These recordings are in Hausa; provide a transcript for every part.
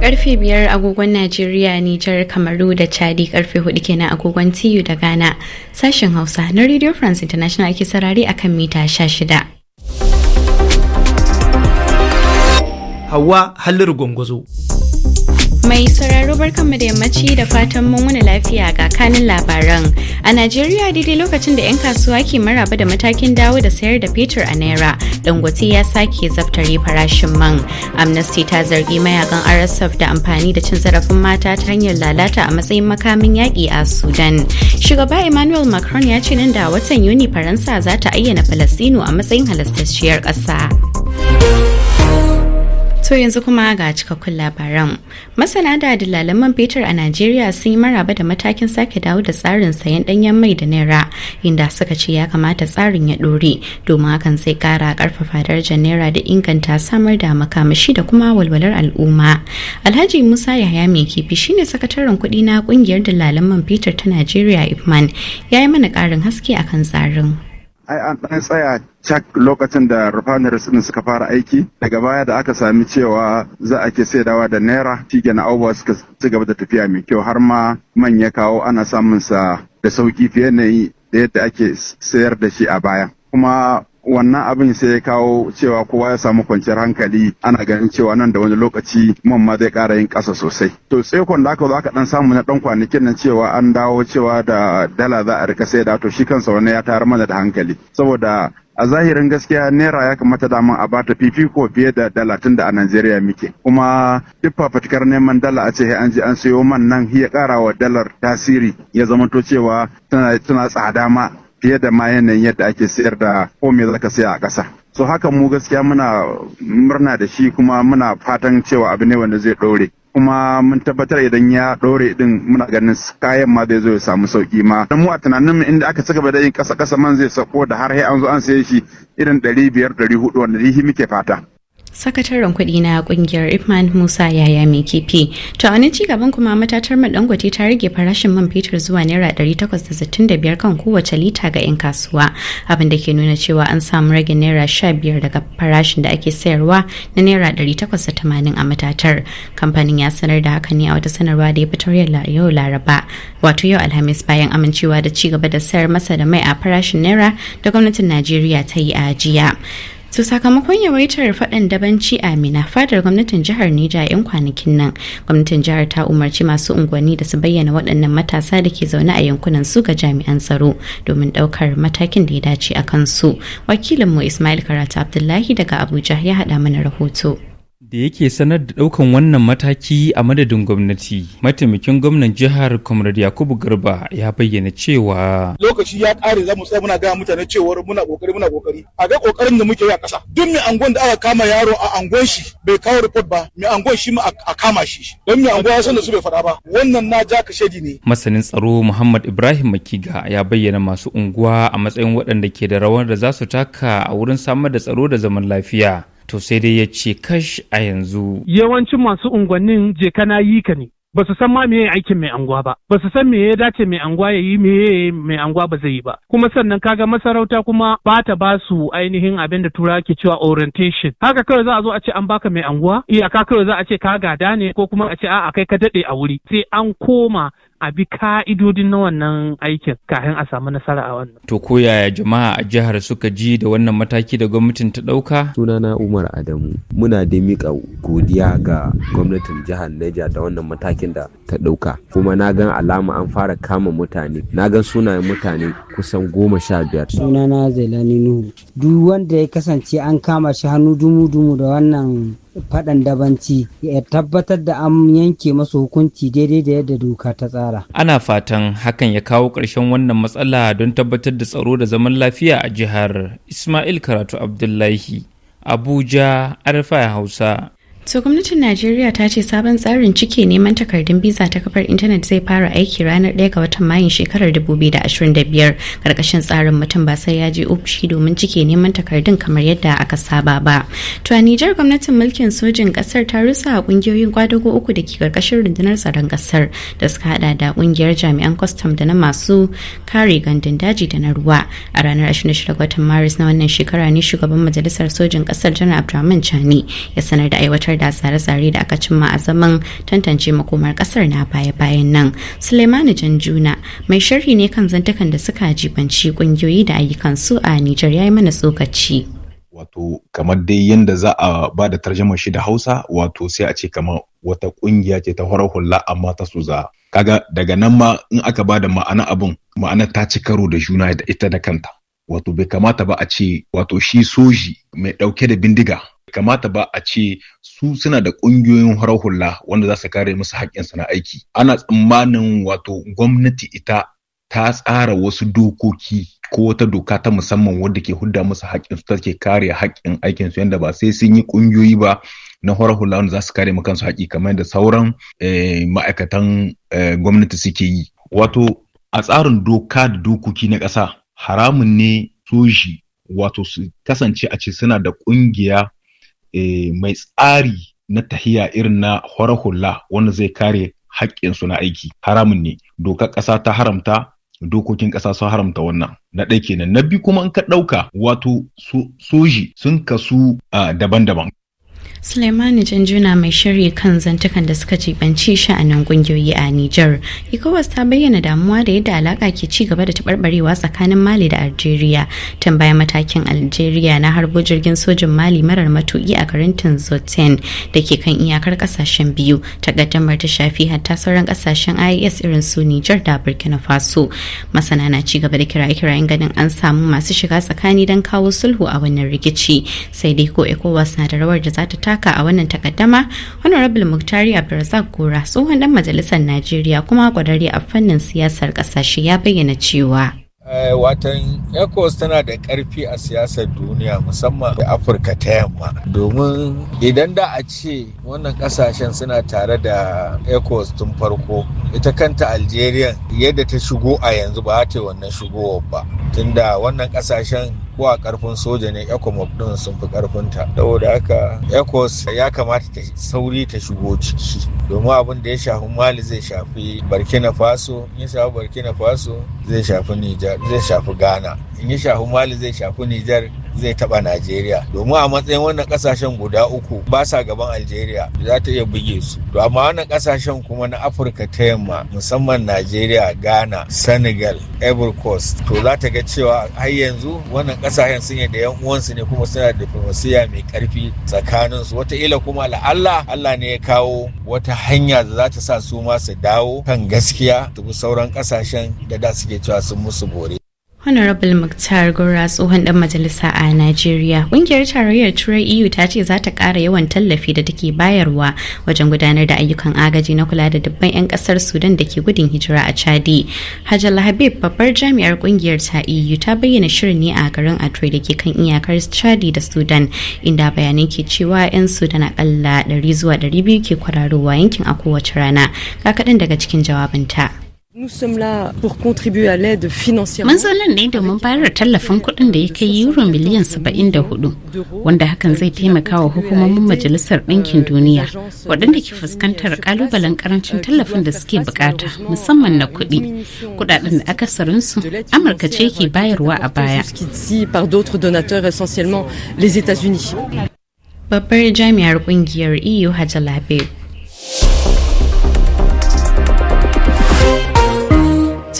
karfe biyar agogon Najeriya, Nijar, Kamaru da Chadi karfe hudu kenan agogon TU da Ghana. Sashen Hausa na Radio France International ake sarari akan mita sha shida. Hawa Halliru Gwangwazo. Mai sauraro barkanmu da yammaci da fatan mun wani lafiya ga kanin labaran. A Najeriya daidai lokacin da 'yan kasuwa ke maraba da matakin dawo da sayar da fetur a Naira, Dangote ya sake zaftare farashin man. Amnesty ta zargi mayakan RSF da amfani da cin zarafin mata ta hanyar lalata a matsayin makamin yaƙi a Sudan. Shugaba Emmanuel Macron ya ce nan da watan Yuni Faransa za ta ayyana Falastinu a matsayin halastacciyar ƙasa. To yanzu kuma ga cikakkun labaran. Masana da dillalan man fetur a Najeriya sun yi maraba da matakin sake dawo da tsarin sayan danyen mai da naira inda suka ce ya kamata tsarin ya dore domin hakan zai kara karfafa darajar naira da inganta samar da makamashi da kuma walwalar al'umma. Alhaji Musa Yahaya mai kifi shine sakataren kuɗi na kungiyar dillalan man fetur ta Najeriya Ifman ya yi mana ƙarin haske akan tsarin. ai an ɗan tsaya cak lokacin da refineries din suka fara aiki daga baya da aka sami cewa za a ke saidawa da naira shi na abubuwa suka ci gaba da tafiya mai kyau har ma man ya kawo ana samun sa da sauki fiye da yadda ake sayar da shi a baya kuma wannan abin sai ya kawo cewa kowa ya samu kwanciyar hankali ana ganin cewa nan da wani lokaci man ma zai kara yin kasa sosai to tsekon da aka zo dan samu na dan kwanakin nan cewa an dawo cewa da dala za a rika sai da to shi kansa wani ya tayar mana da hankali saboda a zahirin gaskiya naira ya kamata daman a bata fifiko fiye da dala tun da a Najeriya muke kuma duk fafatikar neman dala a ce an je an sayo man nan ya kara wa dalar tasiri ya zama to cewa tana tsada ma fiye da ma yanayin yadda ake sayar da kome zaka saya a ƙasa so haka mu gaskiya muna murna da shi kuma muna fatan cewa abu ne wanda zai ɗore kuma mun tabbatar idan ya ɗore din muna ganin kayan ma zai zo ya samu sauki ma dan mu a tunanin mu inda aka cigaba da yin ƙasa ƙasa man zai sauko da har sai an zo an saye shi irin ɗari biyar ɗari hudu wanda shi muke fata sakataren kuɗi na kungiyar ipman musa yaya mai kifi to a wani gaban kuma matatar man dangote ta rage farashin man fetur zuwa naira 865 kan kowace lita ga 'yan kasuwa abin da ke nuna cewa an samu rage naira 15 daga farashin da ake sayarwa na naira 880 a matatar kamfanin ya sanar da haka ne a wata sanarwa da ya fitar yau laraba wato yau alhamis bayan amincewa da ci gaba da sayar masa da mai a farashin naira da gwamnatin najeriya ta yi a jiya su sakamakon yawaitar faɗan dabanci amina fadar gwamnatin jihar nija yan kwanakin nan gwamnatin jihar ta umarci masu unguwanni da su bayyana waɗannan matasa da ke zaune a yankunan su ga jami'an tsaro domin ɗaukar matakin da ya dace a kansu wakilinmu ismail karatu abdullahi daga abuja ya haɗa mana rahoto da yake sanar da ɗaukan wannan mataki a madadin gwamnati mataimakin gwamnan jihar comrade yakubu garba ya bayyana cewa lokaci ya kare zamu mu tsaya muna gaya mutane cewar muna ƙoƙari muna ƙoƙari a ga ƙoƙarin da muke yi a kasa duk mai angon da aka kama yaro a angon shi bai kawo report ba mai angon shi ma a kama shi don mai angon ya san da su bai fada ba wannan na ja ka shedi ne masanin tsaro muhammad ibrahim makiga ya bayyana masu unguwa a matsayin waɗanda ke da rawar da za su taka a wurin samar da tsaro da zaman lafiya to sai dai ya ce kash a yanzu. Yawancin masu unguwannin je kana yi ka ne. Ba su san ma meye aikin mai anguwa ba, ba su san me ya dace mai anguwa ya yi meye mai anguwa ba zai yi ba. Kuma sannan kaga masarauta kuma ba ta ba su ainihin abin da tura ke cewa orientation. Haka kawai za a zo a ce an baka mai anguwa, iyaka kawai za a ce ka gada ne ko kuma a ce a'a kai ka daɗe a wuri. Sai an koma a bi ka'idodin na wannan aikin kafin a samu nasara a wannan. To ko yaya jama'a a jihar suka ji da wannan mataki da gwamnatin ta ɗauka? Sunana Umar Adamu muna da mika godiya ga gwamnatin jihar Neja da wannan matakin da ta ɗauka. Kuma na gan alama an fara kama mutane, na gan sunayen mutane kusan goma sha biyar. Sunana Zelani Nuhu. Duk wanda ya kasance an kama shi hannu dumu-dumu da wannan faɗan dabanci ya tabbatar da an yanke masu hukunci daidai da yadda doka ta tsara. Ana fatan hakan ya kawo ƙarshen wannan matsala don tabbatar da tsaro da zaman lafiya a jihar Ismail Karatu Abdullahi, Abuja, Arfa Hausa. So gwamnatin Najeriya ta ce sabon tsarin cike neman takardun biza ta kafar intanet zai fara aiki ranar 1 ga watan Mayun shekarar 2025 karkashin tsarin mutum ba sai ya je ofishi domin cike neman takardun kamar yadda aka saba ba. To a Nijar gwamnatin mulkin sojin kasar ta rusa a kungiyoyin kwadago uku da ke karkashin rundunar tsaron kasar da suka hada da kungiyar jami'an kwastam da na masu kare gandun daji da na ruwa. A ranar 26 ga watan Maris na wannan shekara ne shugaban majalisar sojin kasar Janar Abdurrahman Chani ya sanar da aiwatar gabatar da tsare-tsare da aka cimma a zaman tantance makomar kasar na baya-bayan nan suleimani janjuna mai sharhi ne kan zantakan da suka jibanci kungiyoyi da ayyukan su a nijar ya yi mana tsokaci wato kamar dai yadda za a ba da tarjamar shi da hausa wato sai a ce kamar wata kungiya ce ta horar hula amma ta suza kaga daga nan ma in aka ba da ma'ana abin ma'ana ta ci karo da juna da ita da kanta wato bai kamata ba a ce wato shi soji mai dauke da bindiga kamata ba a ce su suna da ƙungiyoyin horar hula wanda za su kare musu haƙƙinsu na aiki ana tsammanin wato gwamnati ita ta tsara wasu dokoki ko wata doka ta musamman wadda ke hudda musu haƙƙinsu ta ke kare haƙƙin aikinsu yadda ba sai sun yi ƙungiyoyi ba na horar hula wanda za su kare kansu haƙƙi, kamar yadda sauran eh, ma'aikatan eh, gwamnati suke yi. Wato, a tsarin doka da dokoki na ƙasa, haramun ne soji wato su kasance a ce suna da ƙungiya Eh, mai tsari na tahiya irin na hula wanda zai kare haƙƙinsu na aiki haramun ne dokar ƙasa ta haramta dokokin ƙasa sun haramta wannan na ɗai kenan na biyu kuma in ka ɗauka wato soji sun kasu ah, daban-daban Suleimani Janjuna mai shirya kan zantukan da suka jibanci sha'anin kungiyoyi a Nijar. ECOWAS ta bayyana damuwa da yadda alaka ke ci gaba da taɓarɓarewa tsakanin Mali da Algeria. Tambaya matakin Algeria na harbo jirgin sojin Mali marar matuki a garin Tinzoten da ke kan iyakar ƙasashen biyu. ta gaddamar ta shafi hatta sauran ƙasashen IS irin su Nijar da Burkina Faso. Masana na ci gaba da kiraye-kirayen ganin an samu masu shiga tsakani don kawo sulhu a wannan rikici. Sai dai ko ECOWAS na da rawar da za ta taka a wannan takaddama honorable muktari abdulrazak gora tsohon dan majalisar najeriya kuma kwadari a fannin siyasar kasashe ya bayyana cewa eh, watan ecos tana da karfi a siyasar duniya musamman da afirka ta yamma domin idan da a ce wannan kasashen suna tare da ecos tun farko ita kanta algeria yadda ta shigo a yanzu ba ta yi wannan shigowar ba tunda wannan kasashen ko a karfin soja ne ecomob din sun fi karfinta saboda haka ecos ya kamata ta sauri ta shigo ciki domin abin da ya shafi mali zai shafi burkina faso in ya shafi burkina faso zai shafi Niger, zai shafi ghana in ya shafi mali zai shafi Niger. zai taba Najeriya domin a matsayin wannan kasashen guda uku ba sa gaban Algeria za ta iya buge su to amma wannan kasashen kuma na Afirka ta yamma musamman Najeriya Ghana Senegal Ivory Coast to za ta ga cewa har yanzu wannan kasashen sun yi da yan uwansu ne kuma suna da diplomasiya mai karfi tsakanin su Wata ila kuma la'alla Allah ne ya kawo wata hanya da za ta sa su ma su dawo kan gaskiya su sauran kasashen da da suke cewa sun musu bore Honorable Muktar Gora tsohon ɗan majalisa a Najeriya. Ƙungiyar tarayyar Turai EU ta ce za ta ƙara yawan tallafi da take bayarwa wajen gudanar da ayyukan agaji na kula da dubban 'yan ƙasar Sudan da ke gudun hijira a Chadi. Hajjal Habib babbar jami'ar ƙungiyar ta EU ta bayyana shirin ne a garin Atroi da ke kan iyakar Chadi da Sudan inda bayanan ke cewa 'yan Sudan akalla 100 zuwa 200 ke kwararowa yankin a kowace rana. Ga kaɗan daga cikin jawabinta. nan ne domin bayar da tallafin kuɗin da ya kai euro miliyan 74 wanda hakan zai taimaka wa hukumomin Majalisar Ɗinkin Duniya waɗanda ke fuskantar ƙalubalen ƙarancin tallafin da suke bukata musamman na kuɗi. Kuɗaɗen da akasarinsu Amurka ce ke bayarwa a baya. Babbar jami'ar ƙungiyar EU Hajjalabe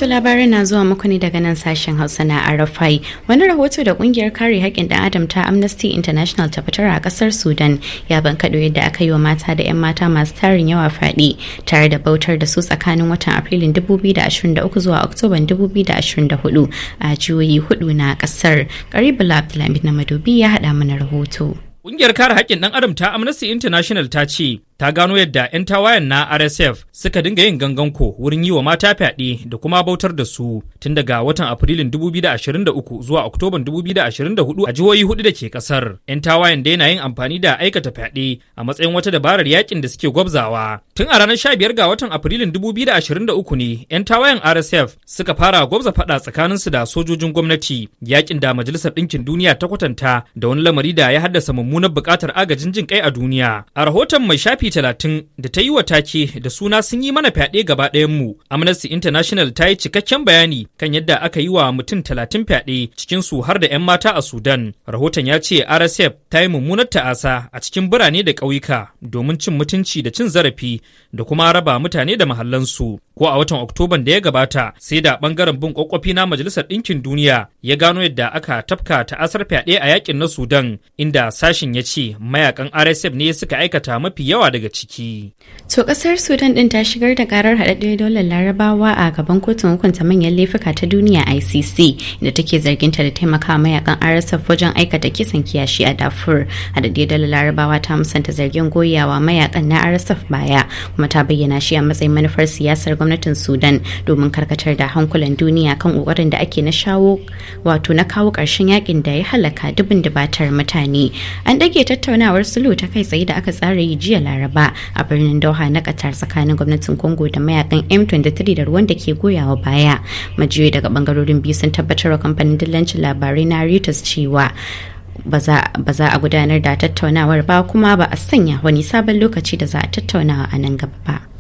wasu labarai na zuwa muku ne daga nan sashen Hausa na Arafai. Wani rahoto da kungiyar kare haƙƙin ɗan Adam ta Amnesty International ta fitar a ƙasar Sudan ya ban kaɗo yadda aka yi wa mata da 'yan mata masu tarin yawa faɗi tare da bautar da su tsakanin watan Afrilun 2023 zuwa Oktoban 2024 a jihohi hudu na ƙasar. karibu Abdulhamid na Madobi ya haɗa mana rahoto. kungiyar kare haƙƙin ɗan Adam ta Amnesty International ta ce ta gano yadda 'yan tawayen na RSF suka dinga yin ganganko wurin yi wa mata fyaɗe da kuma bautar da su tun daga watan Afrilun 2023 zuwa Oktoban 2024 a jihohi hudu da ke kasar. 'Yan tawayen dai na yin amfani da aikata fyaɗe a matsayin wata dabarar yakin da suke gwabzawa. Tun a ranar 15 ga watan Afrilun 2023 ne 'yan tawayen RSF suka fara gwabza faɗa tsakanin su da sojojin gwamnati yakin da Majalisar Ɗinkin Duniya ta kwatanta da wani lamari da ya haddasa mummunar buƙatar agajin jin kai a duniya. A rahoton mai shafi talatin da ta yi wa take da suna sun yi mana fyaɗe gaba ɗayanmu. Amnesty International ta yi cikakken bayani kan yadda aka yi wa mutum talatin fyaɗe cikinsu har da 'yan mata a Sudan. Rahoton ya ce RSF ta yi mummunar ta'asa a cikin birane da ƙauyuka domin cin mutunci da cin zarafi da kuma raba mutane da mahallansu. ko a watan oktoban da ya gabata sai da bangaren bin kwakwafi na majalisar ɗinkin duniya ya gano yadda aka tafka ta asar fyaɗe a yakin na sudan inda sashin ya ce mayakan rsf ne suka aikata mafi yawa daga ciki to ƙasar sudan ɗin ta shigar da karar haɗaɗɗiyar dolar larabawa a gaban kotun hukunta manyan laifuka ta duniya icc inda take zargin ta da taimakawa mayakan rsf wajen aikata kisan kiyashi a dafur haɗaɗɗiyar dolar larabawa ta musanta zargin goyawa mayakan na rsf baya kuma ta bayyana shi a matsayin manufar siyasar gwamnatin sudan domin karkatar da hankulan duniya kan kokarin da ake na shawo wato na kawo ƙarshen yakin da ya halaka dubin dubatar mutane an dage tattaunawar sulhu ta kai tsaye da aka tsara yi jiya laraba a birnin doha na qatar tsakanin gwamnatin congo da mayakan m23 da ruwan da ke goyawa baya majiyoyi daga bangarorin biyu sun tabbatar da kamfanin dillancin labarai na reuters cewa ba za a gudanar da tattaunawar ba kuma ba a sanya wani sabon lokaci da za a tattaunawa a nan gaba ba.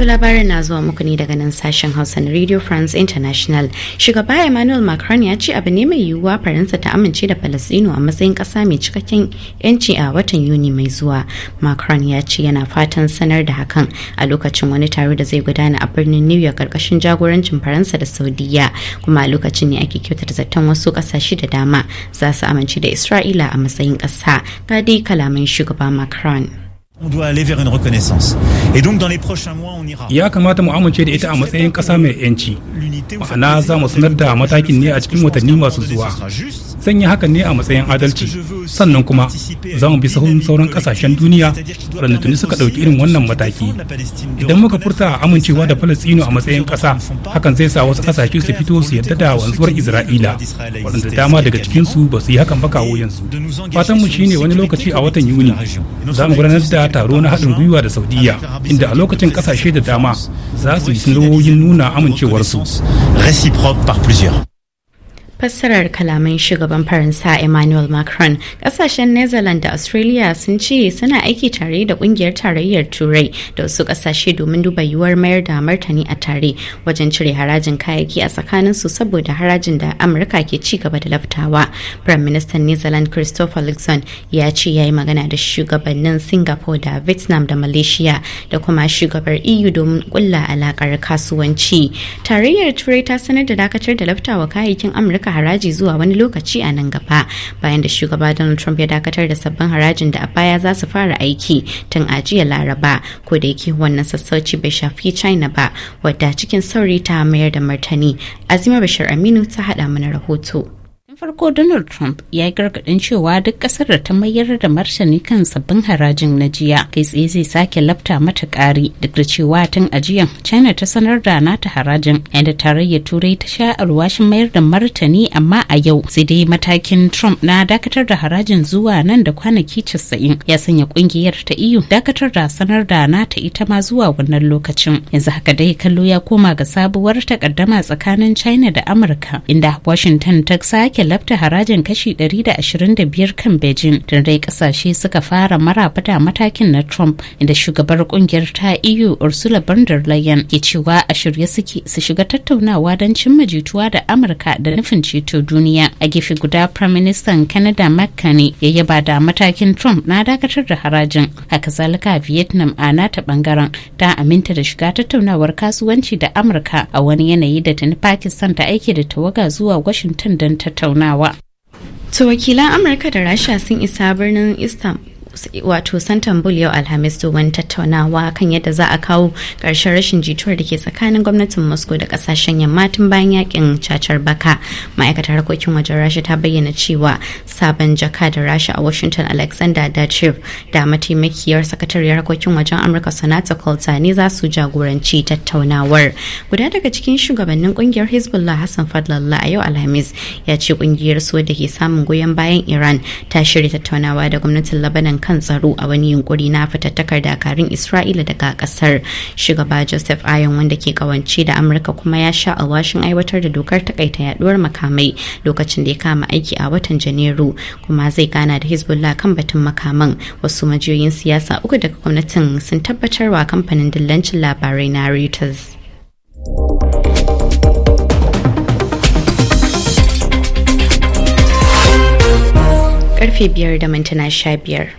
Wasu labarin na zuwa muku ne daga nan sashen Hausa na Radio France International. Shugaba Emmanuel Macron ya ce abu ne mai yiwuwa Faransa ta amince da Falasɗinu a matsayin ƙasa mai cikakken 'yanci a watan Yuni mai zuwa. Macron ya ce yana fatan sanar da hakan a lokacin wani taro da zai gudana a birnin New York ƙarƙashin jagorancin Faransa da Saudiya, kuma a lokacin ne ake kyautata zaton wasu kasashe da dama za su amince da Isra'ila a matsayin ƙasa. Ga dai kalaman shugaba Macron. Ya kamata mu amince da ita a matsayin ƙasa mai 'yanci, ma'ana za mu sanar da matakin ne a cikin watanni masu zuwa. zan yi hakan ne a matsayin adalci sannan kuma za mu bi sahun sauran kasashen duniya waɗanda tuni suka ɗauki irin wannan mataki idan muka furta amincewa da falastino a matsayin ƙasa hakan zai sa wasu ƙasashe su fito su yarda da wanzuwar isra'ila waɗanda dama daga cikinsu ba su yi hakan ba kawo yanzu fatan mu shine wani lokaci a watan yuni za mu gudanar da taro na haɗin gwiwa da saudiya inda a lokacin ƙasashe da dama za su yi sanarwoyin nuna amincewarsu réciproque par plusieurs fassarar kalaman shugaban faransa emmanuel macron kasashen netherlands da australia sun ce suna aiki tare da kungiyar tarayyar turai da wasu kasashe domin duba yiwuwar mayar da martani a tare wajen cire harajin kayayyaki a tsakanin su saboda harajin da amurka ke ci gaba da laftawa prime minister netherlands christopher luxon ya ce ya yi magana da shugabannin singapore da vietnam da malaysia da kuma shugabar eu domin kulla alakar kasuwanci tarayyar turai ta sanar da dakatar da laftawa kayayyakin amurka saka haraji zuwa wani lokaci a nan gaba bayan da shugaba Donald Trump ya dakatar da sabbin harajin da a baya za su fara aiki tun a Laraba ko da yake wannan sassauci bai shafi China ba wadda cikin sauri ta mayar da martani. Azima Bashir Aminu ta hada mana rahoto. farko donald trump ya yi gargaɗin cewa duk ƙasar da ta mayar da martani kan sabbin harajin na jiya kai tsaye zai sake lafta mata ƙari. duk da cewa tun ajiyan china ta sanar da nata harajin yadda tarayyar turai ta sha alwashin mayar da martani amma a yau sai dai matakin trump na dakatar da harajin zuwa nan da kwanaki casa'in ya sanya kungiyar ta eu dakatar da sanar da nata ita ma zuwa wannan lokacin yanzu haka dai kallo ya koma ga sabuwar takaddama tsakanin china da amurka inda washington ta sake lalabta harajin kashi 125 kan Beijing tun dai kasashe suka fara maraba da matakin na Trump inda shugabar kungiyar ta EU Ursula von der Leyen ke cewa a shirye suke su shiga tattaunawa don cimma jituwa da Amurka da nufin ceto duniya. A gefe guda Prime Minister Canada McCartney ya yaba da matakin Trump na dakatar da harajin. Haka zalika Vietnam a nata bangaren ta aminta da shiga tattaunawar kasuwanci da Amurka a wani yanayi da tuni Pakistan ta aiki da tawaga zuwa Washington don tattauna. tattaunawa. To wakilan Amurka da Rasha sun isa birnin Istanbul wato santan bul yau Alhamis domin tattaunawa kan yadda za a kawo ƙarshen rashin jituwar da ke tsakanin gwamnatin Moscow da ƙasashen yamma tun bayan yakin cacar baka. Ma'aikatar harkokin wajen Rasha ta bayyana cewa sabon jaka da Rasha a Washington Alexander Dachev da mataimakiyar sakatariyar harkokin wajen Amurka Sonata Colta ne za su jagoranci tattaunawar. Guda daga cikin shugabannin kungiyar Hezbollah Hassan Fadlallah a yau Alhamis ya ce kungiyar su da ke samun goyon bayan Iran ta shirya tattaunawa da gwamnatin labanan kan tsaro a wani yunkuri na fitattakar dakarun isra'ila daga ƙasar shugaba joseph ayon wanda ke kawance da amurka kuma ya sha alwashin aiwatar da dokar takaita yaduwar makamai lokacin da ya kama aiki a watan janairu kuma zai gana da hezbollah kan batun makaman wasu majiyoyin siyasa uku daga gwamnatin sun tabbatarwa kamfanin dillancin labarai na reuters karfe biyar da mintuna sha biyar.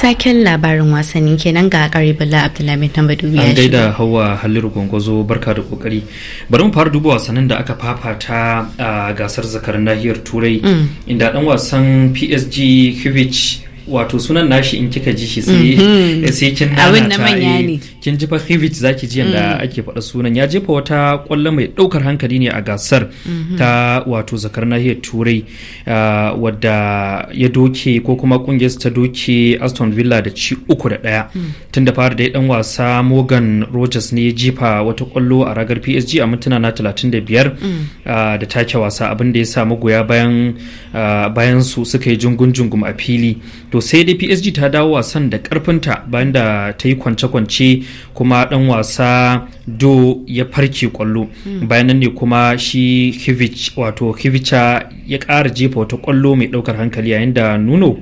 Taken labarin wasanni kenan ga kare Bala Abdulhamid na Badubi ya gaida Hauwa rukun gwangwazo barka da kokari. Bari mu fara duba wasannin da aka fafata a gasar zakarin nahiyar Turai mm. inda dan wasan PSG Kivic wato sunan nashi in kika ji shi sai mhm. sai kin nana eh, ne. kin ji fa zaki ji da mm. ake faɗa sunan ya jefa wata ƙwallo mai ɗaukar hankali ne a gasar mm-hmm. ta wato zakar nahiyar turai uh, wadda ya doke ko kuma kungiyar ta doke Aston Villa da ci uku da ɗaya mm. tun da fara da ya wasa Morgan Rogers ne ya jefa wata ƙwallo a ragar PSG a mintuna na talatin da biyar mm. uh, da take wasa abin da ya sa magoya bayan uh, bayan su suka yi jungun jungum a fili to sai dai PSG ta dawo wasan da karfinta bayan da ta yi kwance-kwance kuma dan wasa do ya farke kwallo hmm. bayan nan ne kuma shi kivich wato kivicha ya kara jefa wata kwallo mai ɗaukar hankali yayin da nuno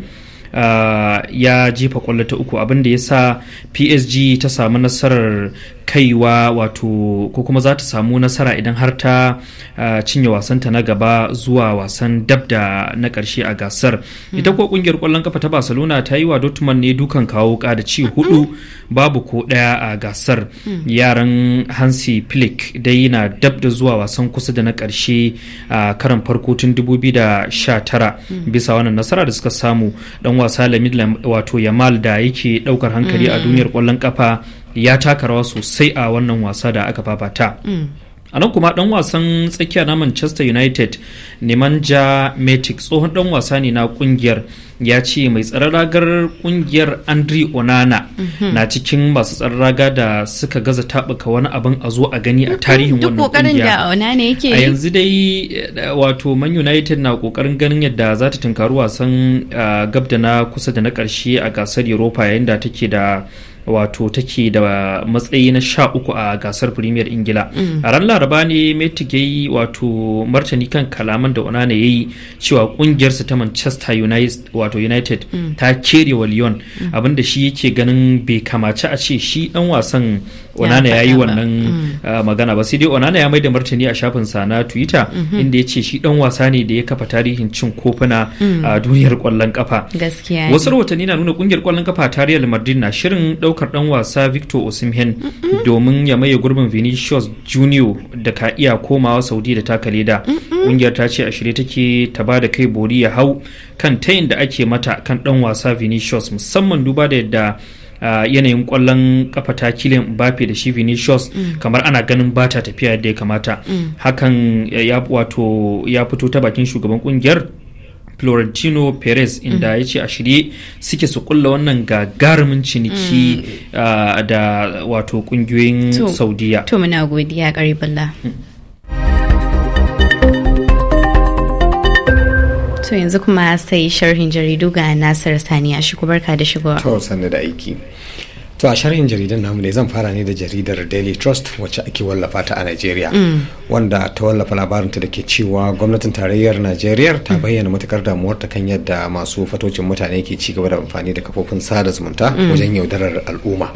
Uh, ya jefa kwallo ta uku abin da ya sa psg ta samu nasarar kaiwa wato ko kuma za ta samu nasara idan har ta ah, cinye wasanta na gaba zuwa wasan dab da na karshe a gasar hmm. ita ko kungiyar kwallon kafa ta barcelona ta yi wa dortmund ne dukan kawo da ci hudu babu ko ɗaya a gasar hmm. yaran hansi flick dai na dab da zuwa wasan kusa da na karshe a karan farko tun 2019 hmm. bisa wannan nasara da suka samu dan wasa lamid wato yamal da yake daukar hankali a duniyar kwallon kafa ya taka rawa sosai a wannan wasa da aka fafata mm. a nan kuma ɗan wasan tsakiya na manchester united nemanja matic tsohon ɗan wasa ne na ƙungiyar ya ce mai tsaron ragar kungiyar andri onana mhm. na cikin masu tsaron raga da suka gaza tabuka wani abin a zo a gani a tarihin wannan kungiya a yanzu dai eh, wato man united na kokarin ganin yadda za ta tunkari wasan eh, gab da na kusa da na karshe a gasar europa yayin da take da wato take da matsayi na sha uku a gasar premier ingila mm. a ran laraba ne metigai wato martani kan kalaman da onana ya yi cewa kungiyarsa ta manchester united wato united ta cere wa lyon abinda shi yake ganin bai kamaci a ce shi dan wasan onana ya yi wannan mm. ah, magana ba sai dai onana ya mai da martani a shafin sa na twitter mm-hmm. inda ya ce shi dan wasa ne da ya kafa tarihin cin kofuna mm. a duniyar kwallon kafa gaskiya wasu rahotanni na nuna kungiyar kwallon kafa ta real madrid na shirin daukar dan wasa victor osimhen domin ya maye gurbin vinicius junior da ka iya komawa saudi da taka leda kungiyar ta ce a shirye take ta ba da kai bori ya hau kan tayin da ake ake mata kan dan wasa Vinicius musamman duba da yadda yanayin kwallon kafa ta kilin bafe da shi Vinicius mm. kamar ana ganin bata tafiya yadda ya kamata mm. hakan ya wato ya fito ta bakin shugaban kungiyar Florentino Perez inda mm. ya ce a shirye suke su kulla wannan gagarumin ciniki da wato kungiyoyin Saudiya. To muna godiya To yanzu kuma sai sharhin jaridu ga nasar Sani a shiku barka da shigo. To da aiki. To a sharhin jaridan namu ne zan fara ne da jaridar Daily Trust wacce ake wallafa ta a Najeriya. Mm. Wanda ta wallafa ta da ke cewa gwamnatin tarayyar Najeriya ta mm. bayyana matukar ta kan yadda masu fatocin mutane ke ci gaba da amfani da kafofin sada zumunta mm. wajen yaudarar al'umma.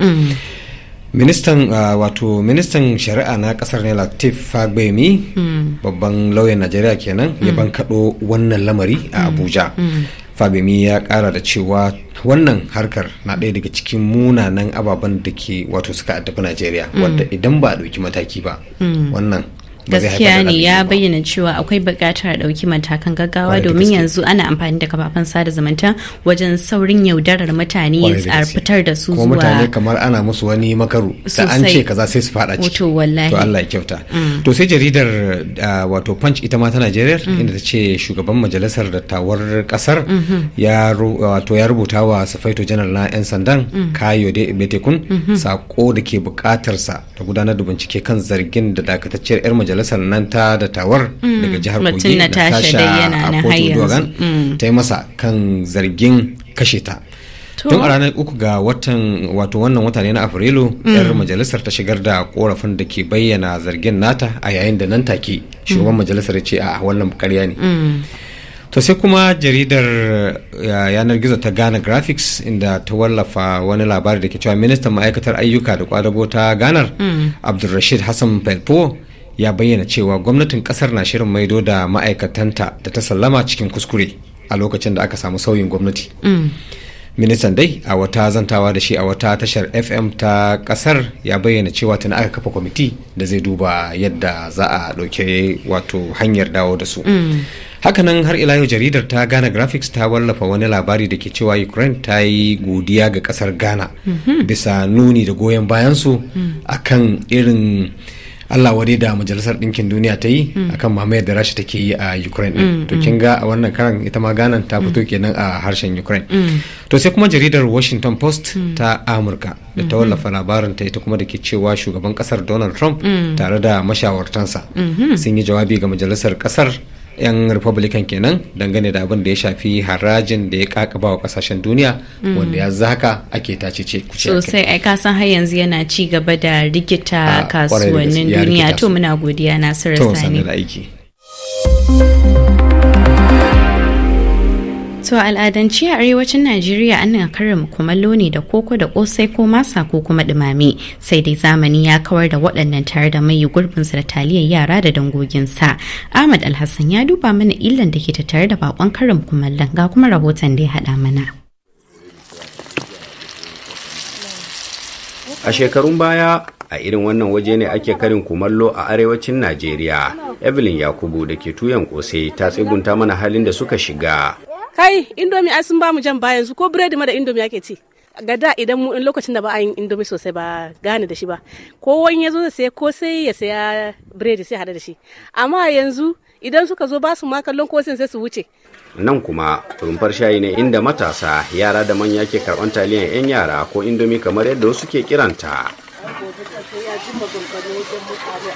ministan uh, wato ministan shari'a na kasar ne latif fagbemi mm. babban lauyan najeriya kenan mm. ya hmm. bankaɗo wannan lamari a hmm. abuja mm. fabemi ya kara da cewa wannan harkar na ɗaya daga cikin munanan ababen da ke wato suka addabi najeriya hmm. wadda idan ba a ɗauki mataki ba wannan gaskiya ne ya bayyana cewa akwai buƙatar ɗauki matakan gaggawa domin yanzu ana amfani da kafafen sada zumunta wajen saurin yaudarar mutane a fitar da su zuwa mutane kamar ana musu wani makaru da an ce kaza sai su fada ciki to Allah ya kyauta mm. to sai jaridar ah, wato punch ita ma ta Najeriya mm. inda ta ce shugaban majalisar dattawar kasar mm-hmm. ya wato ya rubuta wa Safaito Janar na yan sandan mm. Kayode Betekun mm-hmm. sako da ke bukatarsa da gudanar da bincike kan zargin da dakatacciyar yar majalisar majalisar nan ta dattawar mm. daga jihar kogi dogon mm. ta yi masa kan zargin kashe ta tun a ranar uku ga watan wato wannan wata ne na afrilu mm. yar majalisar ta shigar da korafin da ke bayyana zargin nata a yayin da nan take shugaban majalisar ce a wannan karya ne to sai kuma jaridar yanar gizo ta ghana graphics inda ta wallafa wani labari da ke cewa ministan ma'aikatar ayyuka da kwadago ta ganar abdulrashid hassan felpo ya bayyana cewa gwamnatin kasar na shirin maido da ma'aikatanta da ta sallama cikin kuskure a lokacin da aka samu sauyin gwamnati mm. ministan dai a wata zantawa da shi a wata tashar fm ta kasar ya bayyana cewa tana aka kafa kwamiti da zai duba yadda za a ɗauke wato hanyar dawo da su mm. hakanan har ila yau jaridar ta ghana graphics ta wallafa wani labari da ke cewa ukraine ta yi godiya ga kasar ghana mhm. bisa nuni da goyon bayan bayansu mm. akan irin Allah wade da majalisar ɗinkin duniya ta yi hmm. akan mamayar da Rasha take yi a Ukraine ɗin hmm, to hmm. kin ga a wannan karan ita ma Ghana ta fito kenan a harshen Ukraine to sai kuma jaridar Washington Post ta Amurka da ta wallafa labarin ta ita kuma da ke cewa shugaban kasar Donald Trump tare da mashawartansa sun yi jawabi ga majalisar kasar 'yan republican kenan dangane da abin da ya shafi harajin da ya kakaba wa kasashen duniya mm. wanda ya zaka ake tace ce kuce sosai ai ka har yanzu yana ci gaba da rikita kasuwannin duniya to muna godiya nasiru sani to aiki To al'adance a arewacin Najeriya ana karin kumallo ne da koko da kosai ko masa ko kuma dumame sai dai zamani ya kawar da waɗannan tare da mai gurbin da taliyar yara da dangoginsa. Ahmad Alhassan ya duba mana illan da ke tattare da bakon karin kumallon ga kuma rahoton da ya haɗa mana. A shekarun baya a irin wannan waje ne ake karin kumallo a arewacin Najeriya. Evelyn Yakubu da ke tuyan kosai ta tsigunta mana halin da suka shiga kai indomi ai sun bamu jan bayan yanzu ko biredi ma da indomi ake ci ga da idan mu in lokacin da ba a yin indomi sosai ba gane da shi ba ko wani ya zo da saya ko sai ya saya biredi sai hada da shi amma yanzu idan suka zo ba su ma kallon ko sai su wuce nan kuma rumfar shayi ne inda matasa yara da manya ke karban taliyan yan yara ko indomi kamar yadda wasu ke kiranta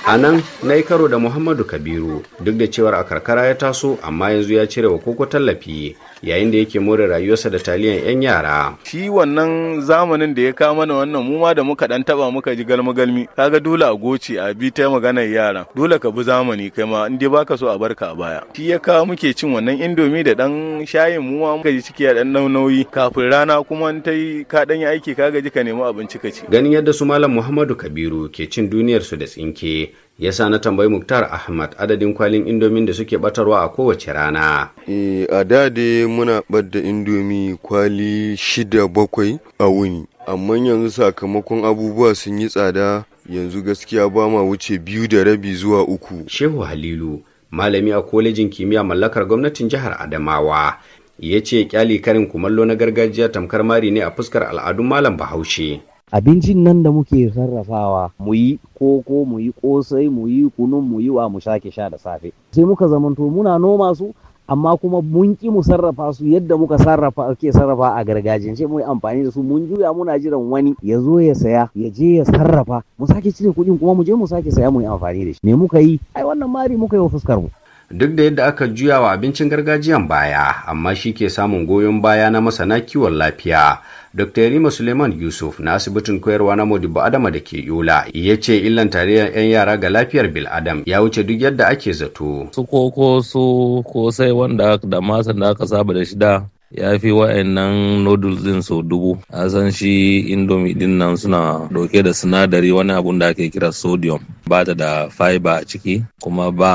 a nan na yi karo da muhammadu kabiru duk da cewar a karkara ya taso amma yanzu ya cire wa koko tallafi yayin da yake more rayuwarsa da taliyan 'yan yara. Shi wannan zamanin da ya kama mana wannan mu ma da muka dan taba muka ji galmi galmi kaga dole a goce a bi ta maganar yara dole ka bi zamani kai ma in baka so a barka a baya. Shi ya kawo muke cin wannan indomi da dan shayin mu ma muka ji ciki a dan nauyi kafin rana kuma in ta yi ka dan yi aiki kaga gaji ka nemi abinci ka ci. Ganin yadda su Malam Muhammadu Kabiru ke cin duniyarsu da tsinke Ya sa na tambayi muktar ahmad adadin kwalin indomin da suke batarwa a kowace rana e, a da dai muna ɓadda indomi kwali shida bakwai a wuni amma yanzu sakamakon abubuwa sun yi tsada yanzu gaskiya ba ma wuce biyu da rabi zuwa uku shehu halilu malami a kolejin kimiyya mallakar gwamnatin jihar adamawa ya ce kyali karin kumallo na gargajiya tamkar mari ne a fuskar al'adun malam bahaushe abincin nan da muke sarrafawa mu yi koko mu yi kosai mu yi kunun mu yi wa mu sha da safe sai muka zamanto muna noma su amma kuma mun ki mu sarrafa su yadda muka sarrafa ke sarrafa a gargajiyance mu yi amfani da su mun juya muna jiran wani ya zo ya saya ya je ya sarrafa mu sake cire kuɗin kuma mu je mu sake saya mu yi amfani da shi me muka yi ai wannan mari muka yi wa fuskar mu duk da yadda aka juya wa abincin gargajiyan baya amma shi ke samun goyon baya na masana kiwon lafiya dr yarima suleiman yusuf na asibitin koyarwa na modibo adama da ke yola ya ce illan tarayyar 'yan yara ga lafiyar bil adam. ya wuce duk yadda ake zato su koko su sai wanda da masan da aka saba da shida? ya fi wa'annan noodles din sau dubu a san shi indomi din nan suna dauke da sinadari wani abun da ake kira sodium ba ta da fiber a ciki kuma ba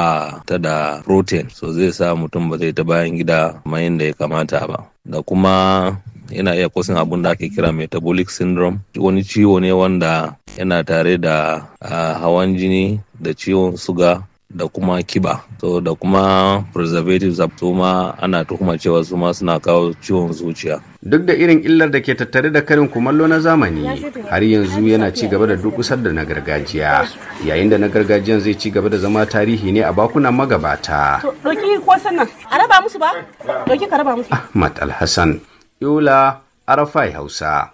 ta da protein so zai sa mutum ba zai ta bayan gida kamar da ya kamata ba da kuma yana iya kusan abun da ake kira metabolic syndrome wani ciwo ne wanda yana tare da ah, hawan jini da ciwon suga da kuma kiba so da kuma preservatives su ma ana tuhuma cewa su ma suna kawo ciwon zuciya duk da irin illar da ke tattare da karin kumallo na zamani har yanzu yana ci gaba da dukusar da na gargajiya yayin da na gargajiyan zai ci gaba da zama tarihi ne a bakunan magabata doki ko sannan a raba musu ba doki ka raba musu ahmad alhassan yola arafai hausa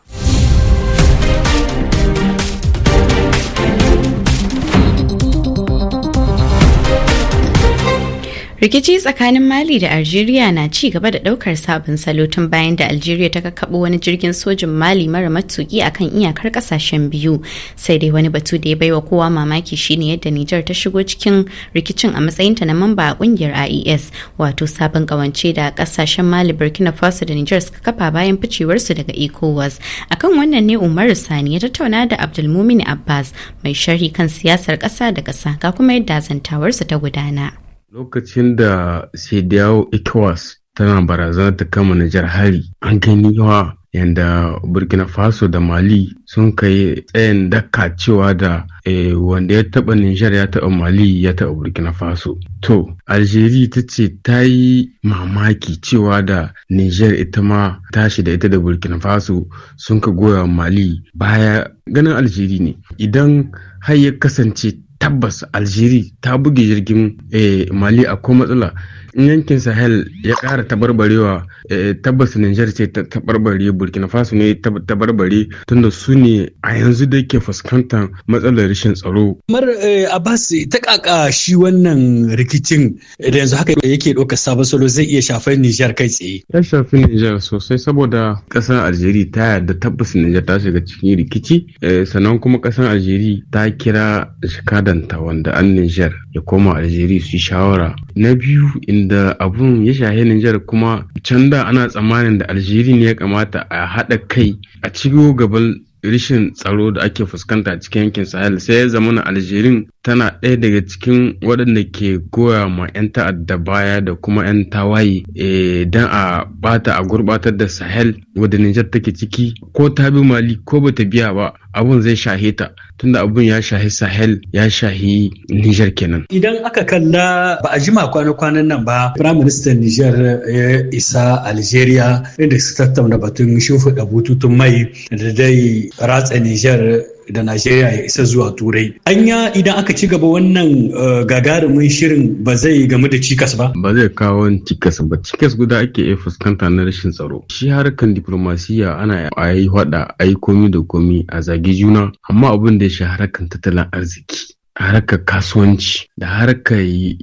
rikici tsakanin mali da algeria na ci gaba da daukar sabon salo tun bayan da algeria ta kakkaɓo wani jirgin sojin mali mara matuki akan iyakar kasashen biyu sai dai wani batu da ya baiwa kowa mamaki shine yadda niger ta shigo cikin rikicin a matsayinta na mamba a kungiyar ies wato sabon kawance da kasashen mali burkina faso da nijar suka kafa bayan ficewarsu daga ecowas akan wannan ne umaru sani ya tattauna da abdulmumin abbas mai sharhi kan siyasar kasa da kasa ga kuma yadda zantawarsu ta gudana Lokacin da Sidiyawo ECOWAS tana barazana ta kama Nijar hari an gani yawa yadda burkina faso da mali sun kai tsayin daka cewa da eh, wanda ya taba nijar ya taba mali ya taba burkina faso to algeria ta ce ta yi mamaki cewa da nijar ita ma tashi da ita da burkina faso sun ka goya mali baya ganin algeria ne idan har ya kasance tabbas algeria ta buge jirgin eh, mali akwai matsala in yankin sahel ya kara tabarbarewa eh, tabbas niger ce ta tabarbare burkina faso ne ta tabarbare tunda su ne a yanzu da ke fuskantar matsalar rashin tsaro. mar eh, abbas ta kaka shi wannan rikicin da yanzu haka yake ɗaukar sabon salo zai iya shafar niger kai tsaye. ya shafi niger sosai saboda ƙasar algeria ta yarda tabbas niger ta shiga cikin rikici eh, sannan kuma ƙasar algeria ta kira jikadanta wanda an niger ya koma algeria su shawara na biyu in da abun ya shahi Nijar kuma can da ana tsammanin da Algeria ne ya kamata a haɗa kai a cigo gaban rishin tsaro da ake fuskanta cikin yankin sahel sai ya zama na tana ɗaya daga cikin waɗanda ke goya ma 'yan ta'adda baya da kuma 'yan tawaye eh, don a bata a gurɓatar da sahel wadda nijar take ciki ko ta bi mali ko bata biya ba abun zai shahe ta tunda abun ya shahi sahel ya shahi niger kenan idan aka kalla ba a jima kwana-kwanan nan ba prime minister niger ya isa algeria inda su tattauna batun shimfiɗa bututun mai da dai ratsa niger da Najeriya ya isa zuwa Turai. Anya idan aka ci gaba wannan eh, gagarumin shirin ba zai gamu da cikas ba? Ba zai kawo cikas ba. Cikas guda ake iya fuskanta na rashin tsaro. Shi harkan diplomasiya ana a yi hada a yi da komi a zagi juna amma abin da ya shi harkan tattalin arziki. harkar kasuwanci da harkar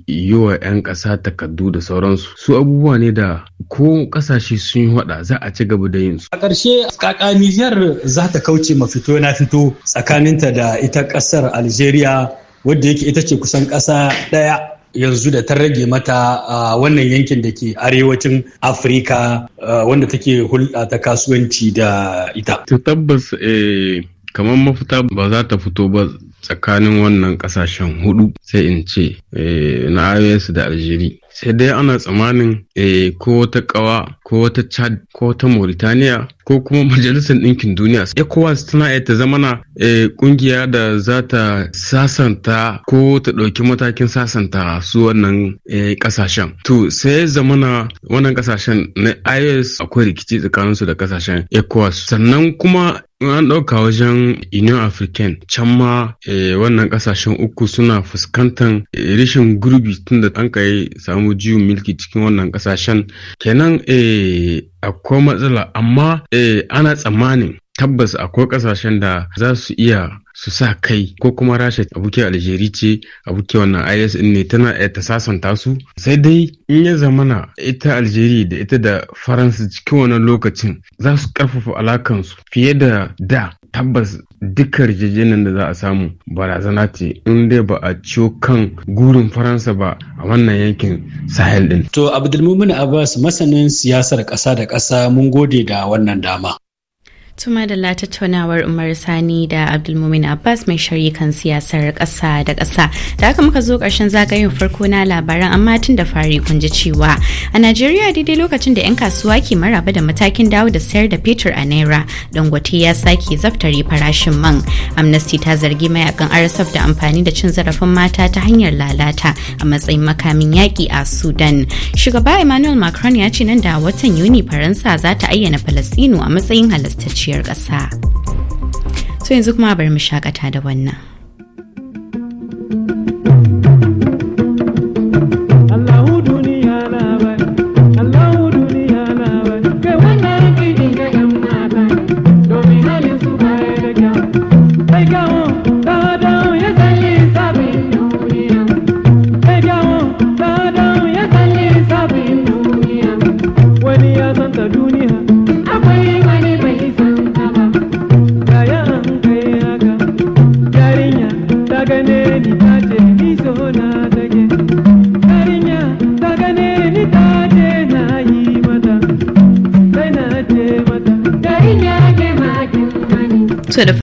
yi wa 'yan ƙasa takardu da sauransu su abubuwa ne da ko ƙasashe sun yi hada za a ci gaba da yin su. a ƙarshe kaka nijar za ta kauce fito na fito tsakaninta da ita ƙasar algeria wadda yake ita ce kusan ƙasa ɗaya yanzu da ta rage mata a wannan yankin da ke arewacin afirka wanda take hulɗa ta kasuwanci da ita. tabbas eh, kamar mafita ba za ta fito ba tsakanin wannan kasashen hudu sai in ce eh, na ios da algeria sai dai ana tsammanin eh, ko wata kawa ko wata chad ko wata mauritaniya ko kuma majalisar ɗinkin duniya ecowas tana iya ta zamana eh, ƙungiya da za ta sasanta ko ta ɗauki matakin sasanta su wannan eh, ƙasashen to sai zamana wannan ƙasashen na ios akwai rikici tsakaninsu da ƙasashen ecowas sannan kuma an ɗauka wajen union african can ma wannan ƙasashen uku suna fuskantar rashin gurbi tun da an kai samu samu juyin milki cikin wannan kasashen kenan eh, akwai matsala amma eh, ana tsammanin tabbas akwai kasashen da za su iya su sa kai ko kuma rasha abuke aljeri ce abuke wannan is ne tana iya ta sasanta su sai dai in ya zamana ita aljeri da ita da faransa cikin wannan lokacin za su karfafa alakansu fiye da da tabbas dukkan rijijinan da za a samu barazana ce in dai ba a ciyo kan gurin faransa ba a wannan yankin sahel din to abdulmumin abbas masanin siyasar kasa da kasa, mun gode da wannan dama Tuma da tattaunawar Umar Sani da Abdulmumin Abbas mai shari'a kan siyasar ƙasa da ƙasa. Da haka muka zo ƙarshen zagayen farko na labaran amma tun da fari kun ji cewa a Najeriya daidai lokacin da 'yan kasuwa ke maraba da matakin dawo da sayar da fetur a naira dangote ya sake zaftare farashin man. Amnesty ta zargi mayakan RSF da amfani da cin zarafin mata ta hanyar lalata a matsayin makamin yaƙi a Sudan. Shugaba Emmanuel Macron ya ce nan da watan Yuni Faransa za ta ayyana Falasɗinu a matsayin halastaci zuciyar ƙasa. So yanzu kuma bari mu shakata da wannan.